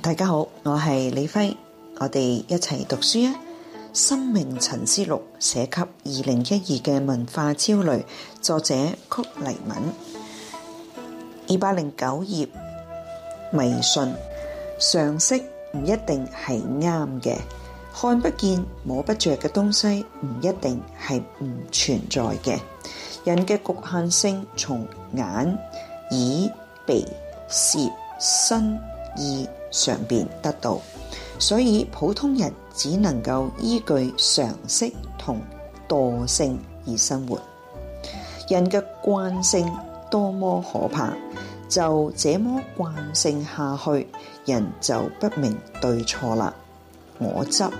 大家好，我係李輝，我哋一齊讀書啊！心陳思《生命沉思錄》寫給二零一二嘅文化焦慮作者曲黎敏，二百零九頁。迷信常識唔一定係啱嘅，看不見摸不着嘅東西唔一定係唔存在嘅。人嘅局限性從眼、耳、鼻、舌、身、意。.常便得到，所以普通人只能夠依據常識同惰性而生活。人嘅慣性多麼可怕！就這麼慣性下去，人就不明對錯啦。我執，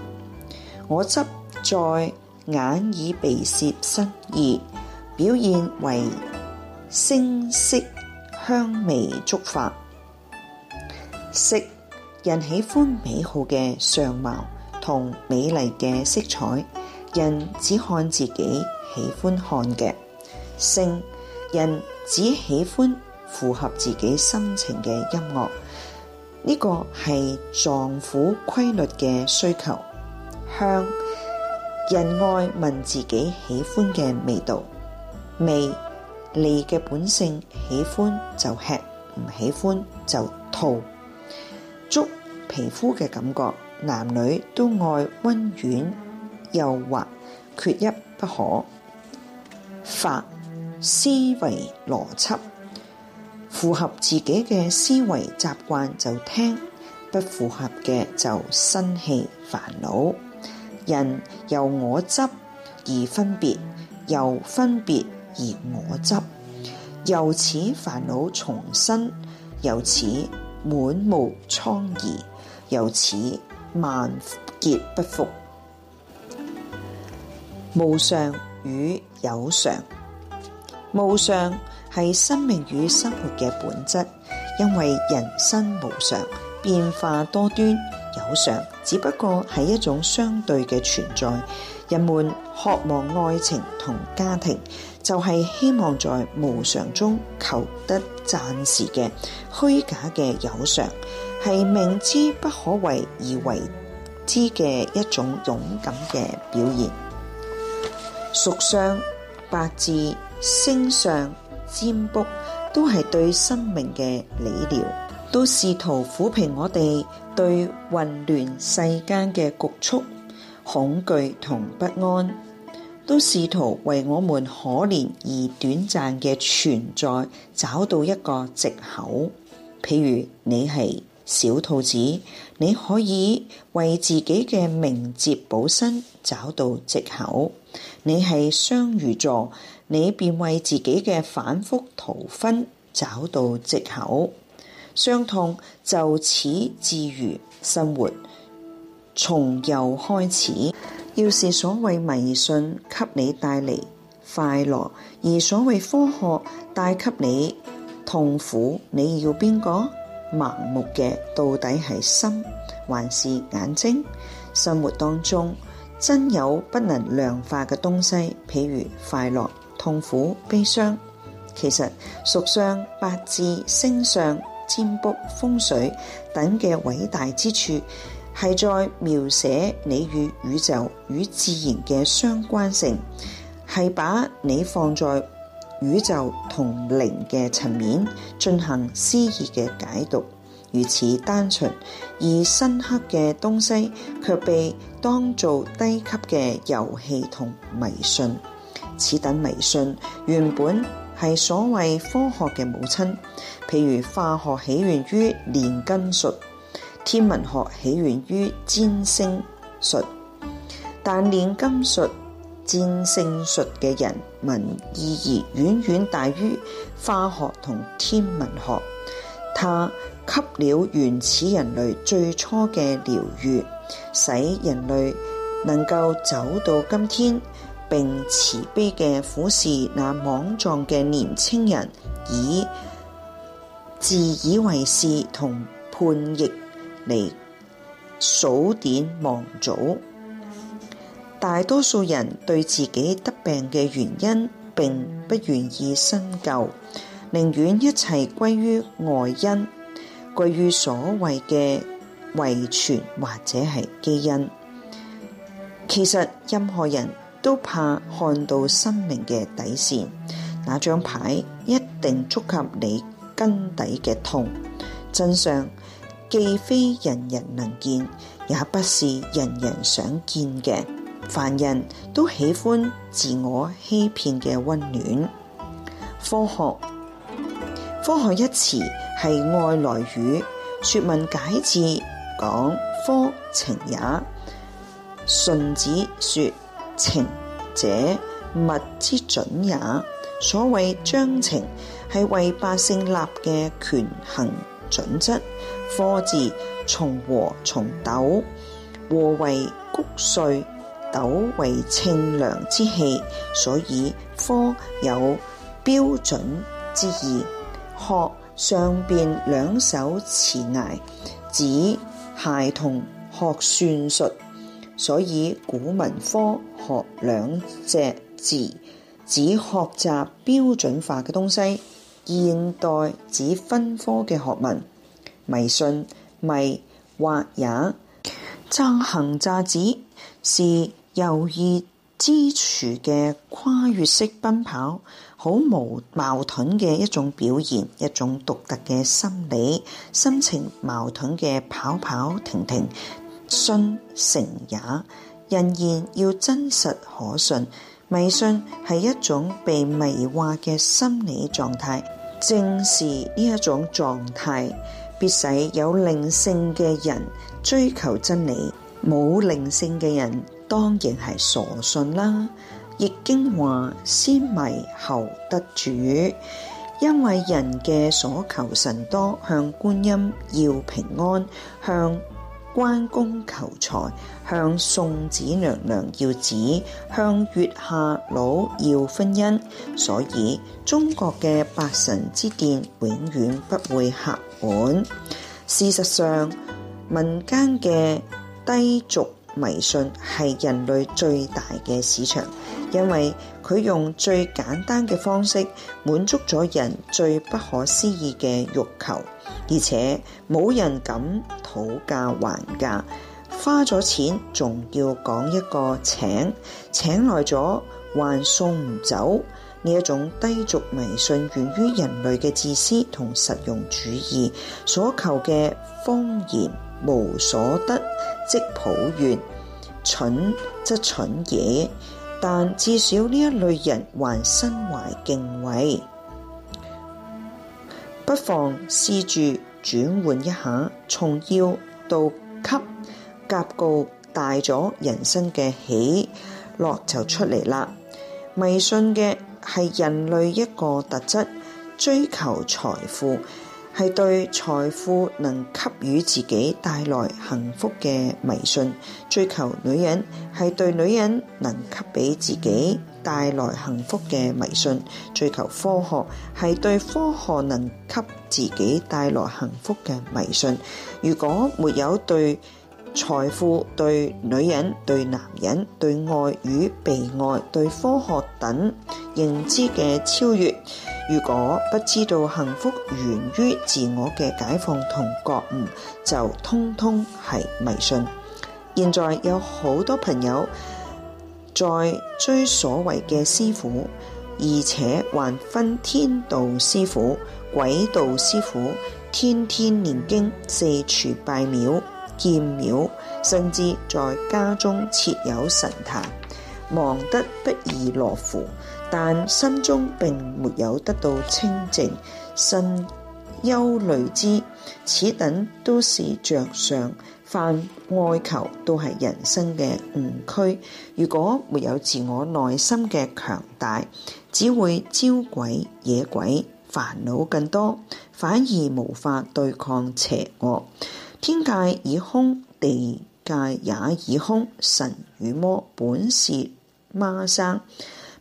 我執在眼耳鼻舌身意，表現為聲色香味觸法。色。人喜歡美好嘅相貌同美麗嘅色彩，人只看自己喜歡看嘅。聲。人只喜歡符合自己心情嘅音樂。呢、這個係臟腑規律嘅需求。香，人愛聞自己喜歡嘅味道。味，味嘅本性喜歡就吃，唔喜歡就吐。觸皮膚嘅感覺，男女都愛温軟柔幼滑，缺一不可。法思維邏輯符合自己嘅思維習慣就聽，不符合嘅就生氣煩惱。人由我執而分別，由分別而我執，由此煩惱重生，由此。滿目瘡痍，由此萬劫不復。無常與有常。無常係生命與生活嘅本質，因為人生無常，變化多端；有常只不過係一種相對嘅存在。人們。渴望愛情同家庭，就係希望在無常中求得暫時嘅虛假嘅有常，係明知不可為而為之嘅一種勇敢嘅表現。屬相、八字、星相、占卜都係對生命嘅理療，都試圖撫平我哋對混亂世間嘅局促、恐懼同不安。都試圖為我們可憐而短暫嘅存在找到一個藉口。譬如你係小兔子，你可以為自己嘅明哲保身找到藉口；你係雙魚座，你便為自己嘅反復逃婚找到藉口。傷痛就此治癒，生活從右開始。要是所謂迷信給你帶嚟快樂，而所謂科學帶給你痛苦，你要邊個？盲目嘅到底係心還是眼睛？生活當中真有不能量化嘅東西，譬如快樂、痛苦、悲傷。其實屬相、八字、星相、占卜、風水等嘅偉大之處，係在描寫你與宇宙與自然嘅相關性，係把你放在宇宙同靈嘅層面進行詩意嘅解讀。如此單純而深刻嘅東西，卻被當做低級嘅遊戲同迷信。此等迷信原本係所謂科學嘅母親，譬如化學起源於煉金術。天文學起源於占星術，但煉金術、占星術嘅人文意義遠遠大於化學同天文學。它給了原始人類最初嘅療愈，使人類能夠走到今天，並慈悲嘅俯視那莽撞嘅年輕人，以自以為是同叛逆。嚟數典忘祖，大多數人對自己得病嘅原因，並不願意深究，寧願一切歸於外因，歸於所謂嘅遺傳或者係基因。其實任何人都怕看到生命嘅底線，那張牌一定觸及你根底嘅痛，真相。.既非人人能見，也不是人人想見嘅。凡人都喜歡自我欺騙嘅溫暖。科學，科學一詞係外來語。說文解字講科，程也。荀子說程者物之準也。所謂章程係為百姓立嘅權衡準則。科字從禾從斗，禾為穀穗，斗為清涼之氣，所以科有標準之意。學上邊兩手持挨，指孩童學算術，所以古文科學兩隻字指學習標準化嘅東西，現代指分科嘅學問。迷信、迷惑也，詐行詐止，是猶豫之處嘅跨越式奔跑，好無矛盾嘅一種表現，一種獨特嘅心理心情矛盾嘅跑跑停停，信誠也，仍然要真實可信，迷信係一種被迷惑嘅心理狀態，正是呢一種狀態。必使有靈性嘅人追求真理，冇靈性嘅人當然係傻信啦。話，《易經》話先迷後得主，因為人嘅所求神多，向觀音要平安，向關公求財，向送子娘娘要子，向月下佬要婚姻，所以中國嘅八神之殿永遠不會合。本事實上，民間嘅低俗迷信係人類最大嘅市場，因為佢用最簡單嘅方式滿足咗人最不可思議嘅欲求，而且冇人敢討價還價，花咗錢仲要講一個請，請來咗還送唔走。呢一種低俗迷信源於人類嘅自私同實用主義，所求嘅謊言無所得，即抱怨；蠢則蠢嘢，但至少呢一類人還身懷敬畏。不妨試住轉換一下，從要到給，格局大咗，人生嘅喜樂就出嚟啦。迷信嘅係人類一個特質，追求財富係對財富能給予自己帶來幸福嘅迷信；追求女人係對女人能給俾自己帶來幸福嘅迷信；追求科學，係對科學能給自己帶來幸福嘅迷信。如果沒有對。財富對女人，對男人，對愛與被愛，對科學等認知嘅超越，如果不知道幸福源於自我嘅解放同覺悟，就通通係迷信。現在有好多朋友在追所謂嘅師傅，而且還分天道師傅、鬼道師傅，天天念經，四處拜廟。建廟，甚至在家中設有神壇，忙得不亦樂乎，但心中並沒有得到清淨，甚憂慮之，此等都是着相，犯外求，都係人生嘅誤區。如果沒有自我內心嘅強大，只會招鬼惹鬼，煩惱更多，反而無法對抗邪惡。天界已空，地界也已空，神與魔本是孖生，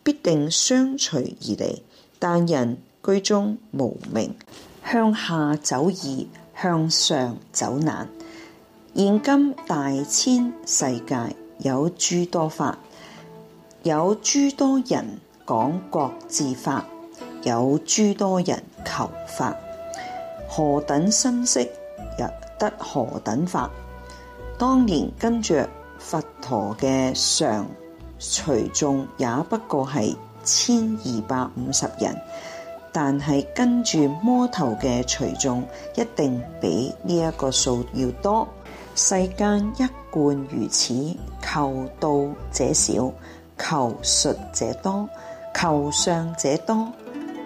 必定相隨而嚟。但人居中無名，向下走易，向上走難。現今大千世界有諸多法，有諸多人講各自法，有諸多人求法，何等心色？得何等法？當年跟著佛陀嘅常隨眾也不過係千二百五十人，但係跟住魔頭嘅隨眾一定比呢一個數要多。世間一貫如此，求道者少，求術者多，求上者多，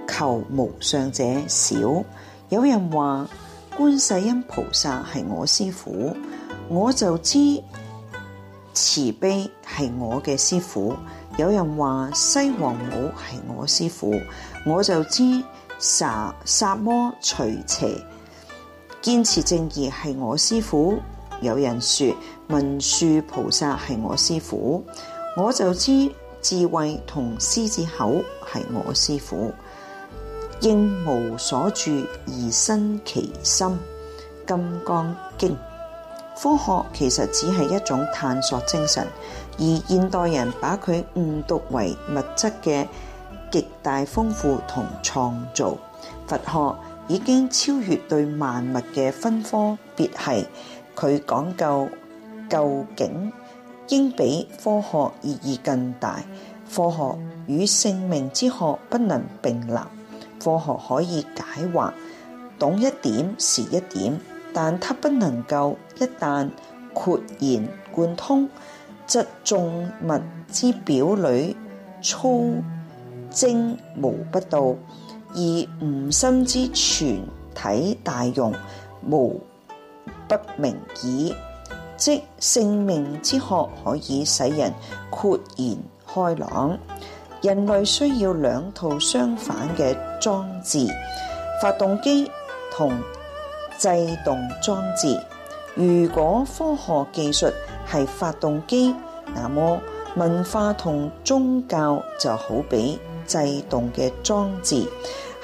求無上者少。有人話。觀世音菩薩係我師傅，我就知慈悲係我嘅師傅。有人話，西王母係我師傅，我就知殺殺魔除邪。堅持正義係我師傅。有人說，文殊菩薩係我師傅，我就知智慧同獅子口係我師傅。應無所住而生其心，《金剛經》。科學其實只係一種探索精神，而現代人把佢誤讀為物質嘅極大豐富同創造。佛學已經超越對萬物嘅分科別系，佢講究究竟，應比科學意義更大。科學與性命之學不能並立。科學可以解惑，懂一點是一點，但他不能夠一旦豁然貫通，則眾物之表裏粗精無不到，而吾心之全體大用無不明矣。即性命之學可以使人豁然開朗。人類需要兩套相反嘅裝置，發動機同制動裝置。如果科學技術係發動機，那麼文化同宗教就好比制動嘅裝置。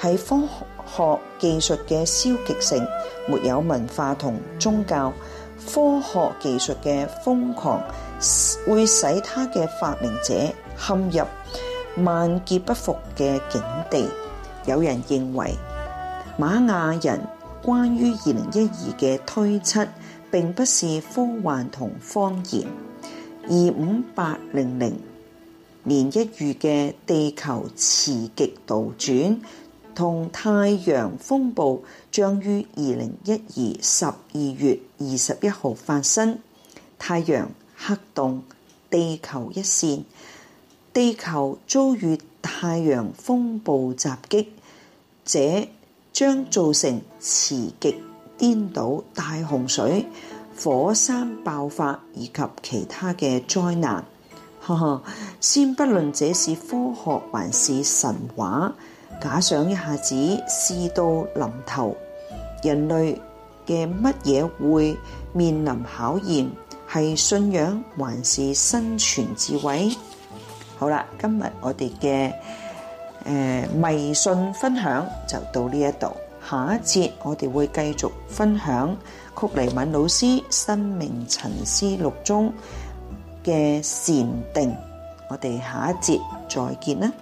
係科學技術嘅消極性，沒有文化同宗教，科學技術嘅瘋狂會使他嘅發明者陷入。萬劫不復嘅境地，有人認為瑪雅人關於二零一二嘅推測，並不是科幻同謊言。二五八零零年一遇嘅地球磁極倒轉同太陽風暴，將於二零一二十二月二十一號發生。太陽黑洞，地球一線。地球遭遇太陽風暴襲擊，這將造成磁極顛倒、大洪水、火山爆發以及其他嘅災難。呵呵，先不論這是科學還是神話，假想一下子事到臨頭，人類嘅乜嘢會面臨考驗，係信仰還是生存智慧？好啦，今日我哋嘅誒迷信分享就到呢一度，下一節我哋會繼續分享曲黎敏老師《生命沉思錄》中嘅善定，我哋下一節再見啦。